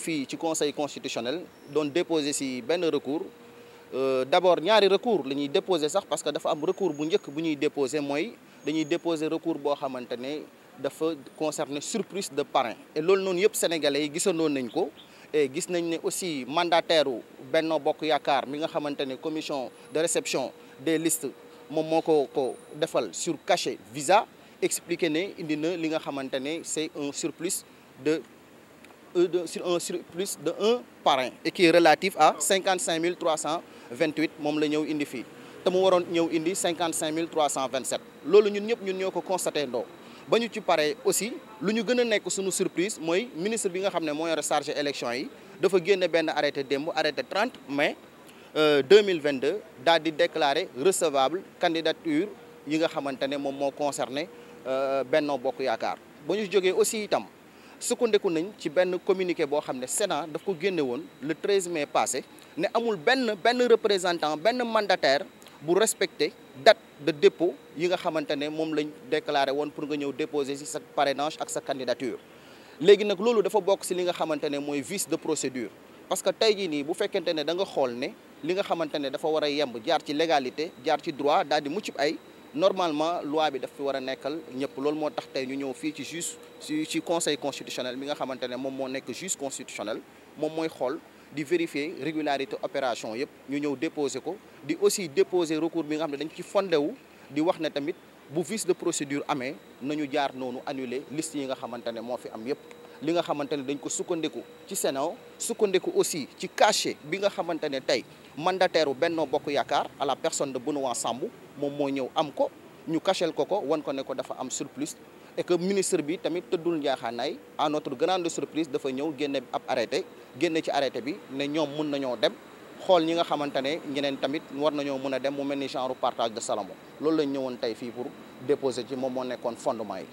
fii ci conseil constitutionnel doon déposé si benn recours euh, d' abord ñaari recours la ñuy déposé sax parce que dafa am recours bu njëkk bu ñuy déposé mooy dañuy déposé recours boo xamante ne dafa concerner surplus de parrain et loolu noonu yëpp sénégalais yi gisandoo nañ ko gis nañ ne aussi mandateru u Benno Bokk Yaakaar mi nga xamante ne commission de réception des listes moom moo ko ko defal sur cachet visa expliqué ne indina li nga xamante ne est un surplus de de un surplus de un parrain et qui est relatif à cinquante cinq mille cent vingt huit moom la ñëw indi fii te mu waroon ñëw indi cinquante cinq mille cent vingt sept loolu ñun ñëpp ñun ñoo ko constaté ndoo ba ñu ci paree aussi lu ñu gën a nekk suñu surprise mooy ministre bi nga xam ne moo yore chargé élection yi dafa génne benn arrêté démb arrêté 30 mai 2022 euh, daal di déclarer recevable candidature yi nga xamante ne moom moo concerné euh, Benno Bokk Yaakaar ba ñu jógee aussi itam sukkandiku nañ ci benn communiqué boo xam ne Sénat daf ko génne woon le 13 mai passé ne amul benn benn représentant benn mandataire bu respecté date de dépôt yi nga xamante ne moom lañ déclaré woon pour nga ñëw déposé si sa parrainage ak sa candidature léegi nag loolu dafa bokk si li nga xamante ne mooy vice de procédure parce que tey jii nii bu fekkente ne da nga xool ne li nga xamante ne dafa war a yemb jaar ci légalité jaar ci droit daal di mucc ay normalement loi bi daf fi war a nekkal ñëpp loolu moo tax tey ñu ñëw fii ci juge ci ci conseil constitutionnel mi nga xamante ne moom moo nekk juge constitutionnel moom mooy xool di vérifier régularité opération yëpp ñu ñëw déposer ko di aussi déposer recours bi nga xam ne dañu ci fondé wu di wax ne tamit bu vice de procédure amee ñu jaar noonu annuler liste yi nga xamante ne moo fi am yëpp li nga xamante ne dañ ko sukkandiku ci Sénat sukkandiku aussi ci cachet bi nga xamante ne tey mandataire u Benno Bokk Yaakaar à la personne de Benoît Sambou moom moo ñëw am ko ñu cachel ko ko wan ko ne ko dafa am surplus et que ministre bi tamit tëddul njaaxaanaay en notre grande surprise dafa ñëw génne ab arrêté génne ci arrêté bi ne ñoom mun nañoo dem xool ñi nga xamante ne ñeneen tamit war nañoo mën a dem mu mel ni genre partage de Salomon loolu lañ ñëwoon fii pour déposer moom moo nekkoon fondement yi.